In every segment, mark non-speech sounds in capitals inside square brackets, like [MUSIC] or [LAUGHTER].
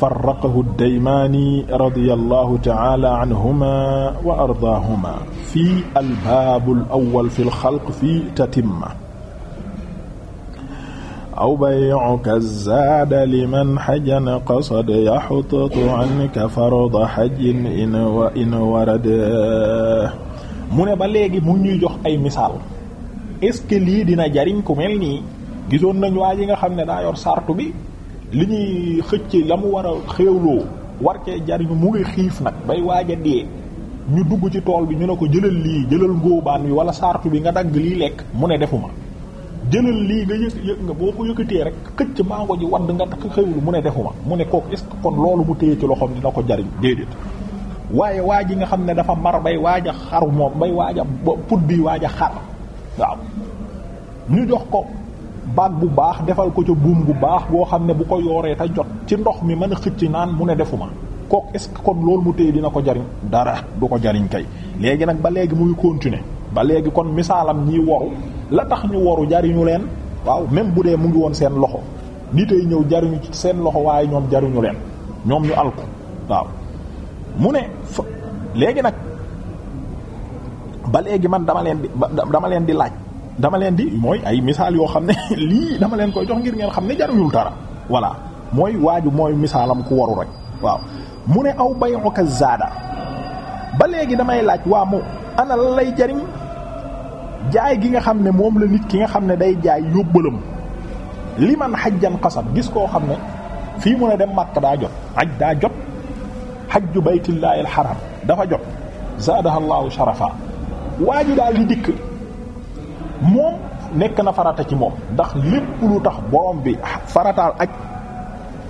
farraqahu daymaani radiyallahu ta'ala anhuma wa ardaahuma fii albaabul awwal fil xalq fii tatimma aw bay'uka zaada liman xajjan qasad yaxtatu anka farda xajjin in wa in warad mu ne ba léegi mu ñuy jox ay misaal est-ce que lii dina jariñ ku mel nii gisoon nañ waa yi nga xam ne daa yor sartu bi li ñuy xëcc la mu war a xéewloo war cee jariñu mu ngi xiif nag bay waaj a dee ñu dugg ci tool bi ñu ne ko jëlal lii jëlal ngóobaan bi wala sartu bi nga dagg lii lekk mu ne defuma jëlal lii nga yëg nga boo ko yëkkatee rek xëcc mango ji wadd nga takk xëylu mu ne defuma mu ne kooku est-ce kon loolu mu téye ci loxoom dina ko jariñ déedéet waaye waa ji nga xam ne dafa mar bay waaja a moom bay waaj a put bi waaj a xar waaw ñu jox ko baag bu baax defal ko ca buum bu baax boo xam ne bu ko yooree te jot ci ndox mi mën a xëcc naan mu ne defuma kook est-ce que kon loolu mu téye dina ko jariñ dara du ko jariñ kay léegi nag ba léegi muy continuer ba léegi kon misaalam ñiy woru la tax ñu woru jariñu leen waaw même bu dee mu ngi woon seen loxo nitay ñëw jariñu seen loxo waaye ñoom jariñu leen ñoom ñu alku waaw mu ne léegi nag ba léegi man dama leen di dama leen di laaj dama leen di mooy ay misaal yoo xam ne [LAUGHS] lii dama leen koy jox ngir ngeen xam ne jaruñul dara voilà mooy waaju mooy misaalam ku waru rek waaw mu ne aw bay'uka zaada ba léegi damay laaj waa mu ana la lay jariñ jaay gi nga xam ne moom la nit ki nga xam ne day jaay yóbbalam li man xajjan xasab gis koo xam ne fii mu ne dem Makka daa jot aj daa jot xajju baytillahi alxaram dafa jot zaadaha allahu sharafa waaju daal di dikk moom nekk na farata ci moom ndax lépp lu tax borom bi faratal aj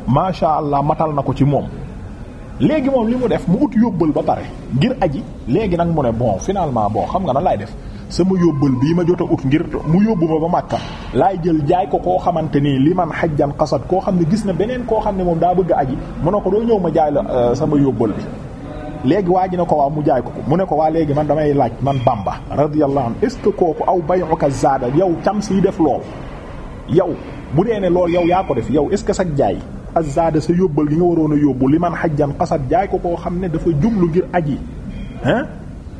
macha allah matal na ko ci moom léegi moom li mu def mu ut yóbbal ba pare ngir aji léegi nag mu ne bon finalement boo xam nga na laay def sama yóbbal bii ma jot a ut ngir mu yóbbu ma ba Makka laay jël jaay ko koo xamante ni li man jan xasat koo xam ne gis na beneen koo xam ne moom daa bëgg a aji mu ne ko doo ñëw ma jaay la euh, sama yóbbal bi léegi waa ji ne ko waa mu jaay ko ko mu ne ko waa léegi man damay laaj man Bamba radiyallahu anhu est ce que kooku aw bay'uka zaada yow cam siy def lool yow bu dee ne lool yow yaa ko def yow est ce que sag jaay azzaada sa yóbbal gi nga waroon a yóbbu li man xajjan xasat jaay ko koo xam ne dafa jublu ngir aji hein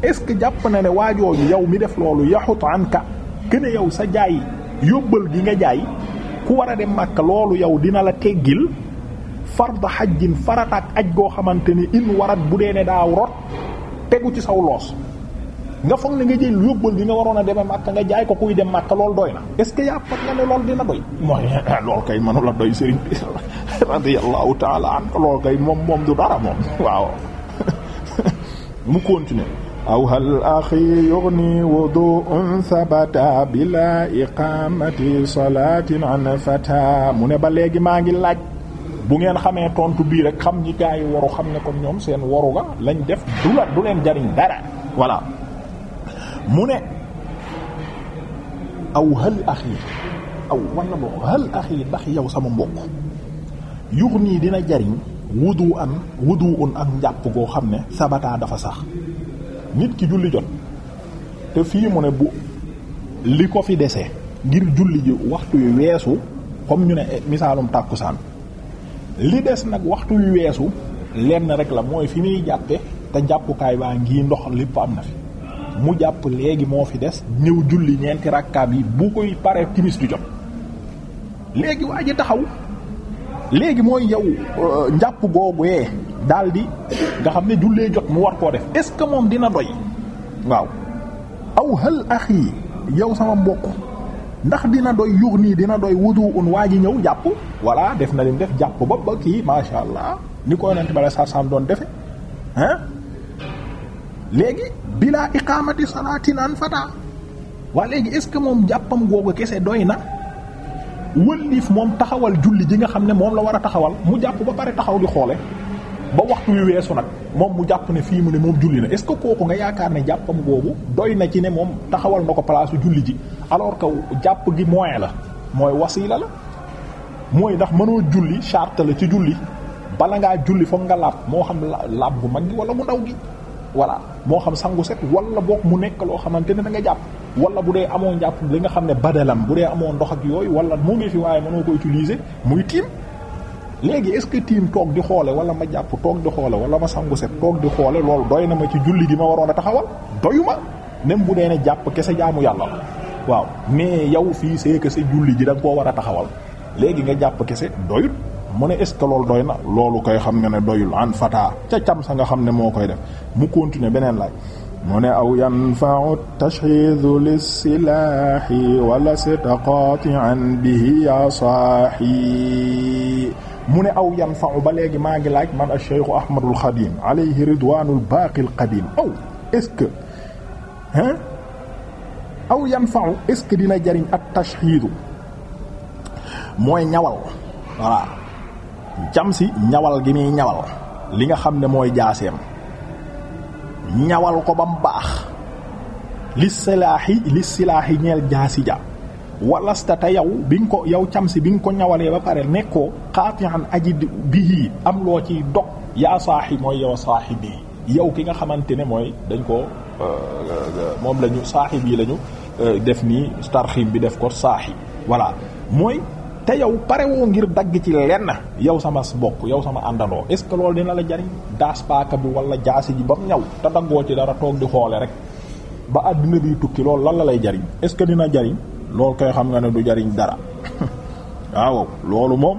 est ce que jàpp na ne waajooju yow mi def loolu yaxut anka ne yow sa jaay yóbbal gi nga jaay ku war a dem Makka loolu yow dina la teggil farda xajjin farataak aj goo xamante ni in warat bu dee ne daaw rot tegu ci saw loos nga foog ne nga jël yóbbal dina waroon a demee Makka nga jaay ko kuy dem Makka loolu doy na est ce yaa foog nga ne loolu dina doy mooy [LAUGHS] loolu kay mënu doy sëriñ bi [LAUGHS] radiyallahu taala an loolu kay moom moom du dara moom waaw [LAUGHS] mu continuer aw hal axi yughni wudu'un sabata bila iqamati salatin an fata mu ne ba léegi maa ngi laaj bu ngeen xamee tontu bii rek xam ñi gaa yi waru xam ne kon ñoom seen waru ga lañ def du la du leen jariñ dara voilà mu ne aw hal axi aw wala boo hal axi ndax yow sama mbokk yux nii dina jariñ wudu an wudu un ak njàpp goo xam ne sabataa dafa sax nit ki julli jot te fii mu ne bu li ko fi dese ngir julli ji waxtu yu weesu comme ñu ne misaalum tàkkusaan li des nag waxtu wi weesu lenn rek la mooy fi muy jàppe te jàppukaay baa ngi ndox lépp am na fi mu jàpp léegi moo fi des ñëw julli ñeenti rakkaab yi bu koy paree timis du jot léegi waa ji taxaw léegi mooy yow euh, njàpp googuyee daal di nga xam ne jullee jot mu war koo def est-ce que moom dina doy waaw aw hal axi yow sama mbokk ndax dina doy yuux nii dina doy wudu un waa ji ñëw jàpp voilà def na lim def jàpp ba ba kii masha allah ni ko yonent bala sarsam doon defe ah léegi bilaa iqamati salaatin an fata waa léegi est ce que moom jàppam googu kese doy na wëlliif moom taxawal julli ji nga xam ne moom la war a taxawal mu jàpp ba pare taxaw di xoole ba waxtu wi weesu nag moom mu jàpp ne fii mu ne moom julli na est ce que kooku nga yaakaar ne jàppam boobu doy na ci ne moom taxawal na ko place julli ji alors que jàpp gi moyen la mooy wasiila la mooy ndax mënoo julli charte la ci julli bala ngaa julli foog nga làpp moo xam laab bu mag gi wala mu ndaw gi voilà moo xam sangu set wala boog mu nekk loo xamante ne da nga jàpp wala bu dee amoo jàpp li nga xam ne badalam bu dee amoon ndox ak yooyu wala mu fi waaye mënoo ko utiliser muy tiim léegi est-ce que tiim toog di xoole wala ma jàpp toog di xoole wala ma sangu set toog di xoole loolu doy na ma ci julli gi ma waroon a taxawal doyu ma même bu dee ne jàpp kese jaamu yàlla la waaw mais yow fii c'est que sa julli ji da koo war a taxawal léegi nga jàpp kese doyut mu ne est-ce que loolu doy na loolu koy xam nga ne doyul an fata ca cam sa nga xam ne moo koy def mu continuer beneen laaj mu ne aw yanfau tashidu lisilaahi wala sitaqati'an bihi ya saahi mu ne aw yan fa'u ba léegi maa ngi laaj man ash-shaykh ahmadul xadim alayhi ridwanul baaqil qadim aw est-ce que aw yan fa'u est-ce que dina jariñ ak tashxiidu mooy ñawal voilà jam si ñawal gi muy ñawal li nga xam ne mooy jaaseem ñawal ko ba mu baax li silaahi li silaahi ñeel jaasi ja walasta te yow bi nga ko yow cam si bi nga ko ñawalee ba pare nekkoo xaatian aji bihi am loo ciy dog yaa saaxi mooy yow a saaxi bii yow ki nga xamante ne mooy dañ ko euh, moom la saaxi bii lañu ñu euh, def nii tarxib bi def ko saaxi voilà mooy te yow pare woo ngir dagg ci lenn yow sama bokk yow sama àndandoo est ce que loolu dina la jariñ daas paaka bi wala jaasi ji ba mu ñaw te daggoo ci dara toog di xoole rek ba àddina bi tukki loolu lan la lay jariñ est ce que dina jariñ lool koy xam nga ne du jariñ dara waaw loolu moom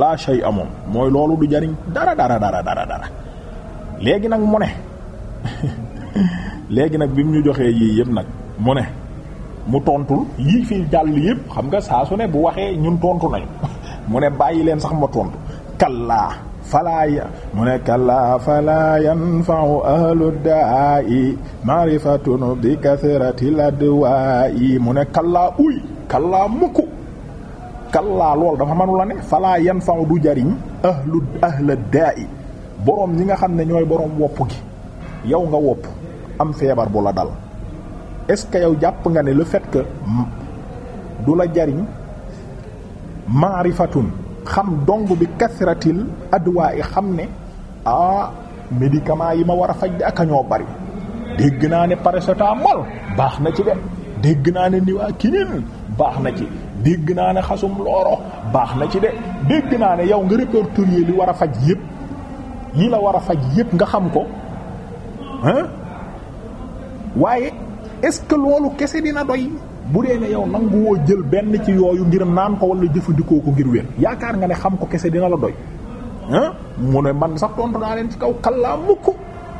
laa sey amoon mooy loolu du jariñ dara dara dara dara dara léegi nag mu ne léegi nag bi mu ñu joxee yii yëpp nag mu ne mu tontul yii fii jàll yëpp xam nga saa su ne bu waxee ñun tontu nañu [LAUGHS] mu ne bàyyi leen sax ma tontu kallaa falaaya mu ne kallaa falaa yanfa'u ahlu daa'i ma'rifatun bi kasratil adwa'i mu ne kallaa uy kallaa mukk kallaa lool dafa mënu la ne falaa yanfa'u du jariñ ahlu ahla daa'i boroom ñi nga xam ne ñooy boroom wopp gi yow nga wopp am feebar bu la dal est-ce que yow jàpp nga ne le fait que du la jariñ ma'rifatun xam dong bi kasratil adduwaa i xam ne ah médicament yi ma war a faj di ak a ñoo bari dégg naa ne paracétamol baax na ci de dégg naa ne niwaakinin baax na ci dégg naa ne xasum looro baax na ci de dégg naa ne yow nga répertorier li war a faj yépp yi la war a faj yépp nga xam ko hein waaye est-ce que loolu kese dina doy bu dee ne yow nanguwoo jël benn ci yooyu ngir naan ko wala jëfandikoo ko ngir wér yaakaar nga ne xam ko kese dina la doy ah mu ne man sax tontu naa leen ci kaw kallaa mukk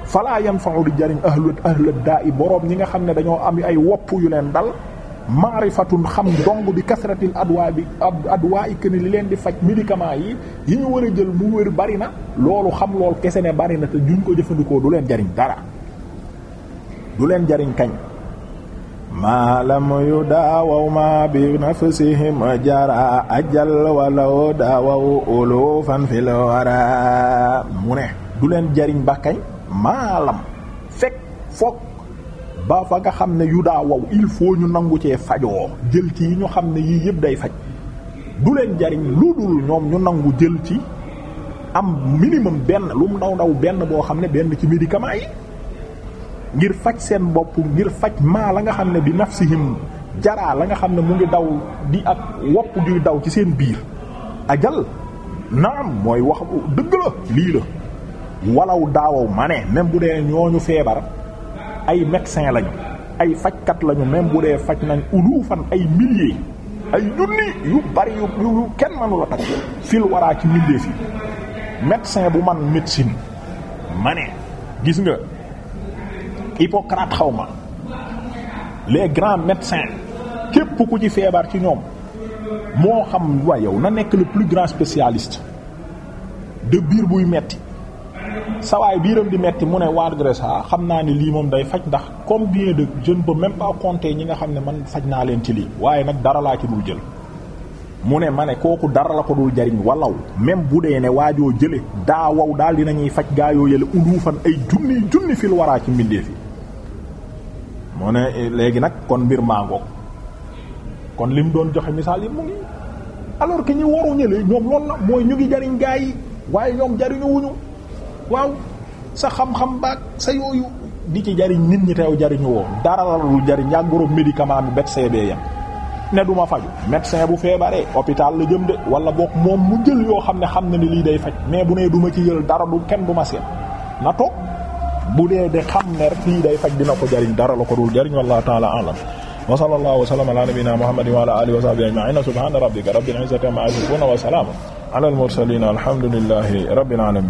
falaa yanfa'u di jariñ ahlu ahlu daa i boroom ñi nga xam ne dañoo am ay wopp yu leen dal maarifatun xam dong bi kasratil adwaa bi adwaa i li leen di faj médicament yi yi ñu war a jël mu wér bari na loolu xam lool kese ne bari na te duñ ko jëfandikoo du leen jariñ dara du leen jariñ kañ maa lam yu daawaw ma bi nafsihim jara ajal walaw daawaw ulufan fil wara mu ne du leen jariñ bàkkañ maalam fekk foog ba fa nga xam ne yu daawaw il faut ñu nangu cee fajoo jël ci yi ñu xam ne yii yëpp day faj du leen jariñ lu dul ñoom ñu nangu jël ci am minimum benn lu mu ndaw ndaw benn boo xam ne benn ci médicament yi ngir faj seen bopp ngir faj maa la nga xam ne bi nafsihim jaraa la nga xam ne mu ngi daw di ak wopp juy daw ci seen biir ajal naam mooy wax dëgg la lii la walaw daawaw ma ne même bu dee ñooñu feebar ay médecin lañu ay fajkat lañu même bu dee faj nañ ulufan ay milliers ay junni yu bari yu yu kenn mënu takk fil waraa ci milliers yi médecin bu man médecine ma ne gis nga Hippocrate xaw ma les grands médecins képp ku ci feebar ci ñoom moo xam waa yow na nekk le plus grand spécialiste de biir buy metti sawaay biiram di metti mu ne waadgré ça ah, xam naa ni lii moom day faj ndax combien de je ne peux même pas compter ñi nga xam ne man faj naa leen ci lii waaye nag dara laa ci dul jël mu ne ma ne kooku dara la ko dul jariñ walaw même bu dee ne waajoo jële daa wow daal dinañuy faj gaayoo yële uluufan ay junni junni fil waraa ci mbindeef yi mu ne eh, léegi nag kon mbir mangoog kon lim doon joxe misaal yi mu ngi alors ki ñi waru ñële ñoom loolu la mooy ñu ngi jariñ gaa yi waaye ñoom jariñu wuñu waaw sa xam-xam baag sa yooyu di ci jariñ nit ñi teew jariñu woo dara lu jariñ yaa gorob médicament bi yam ne duma ma faju médecin bu feebaree hôpital la jëm de wala boog moom mu jël yoo xam ne xam na ne lii day faj mais bu nee duma ci yël dara du kenn du ma seet na toog bu dee de xam ne rek lii day ko jariñ dara la ko dul jariñ wallahu ta'ala a'lam wa sallallahu wa sallama ala nabiyyina muhammadin wa ala alihi wa sahbihi ajma'in subhana rabbika rabbil izzati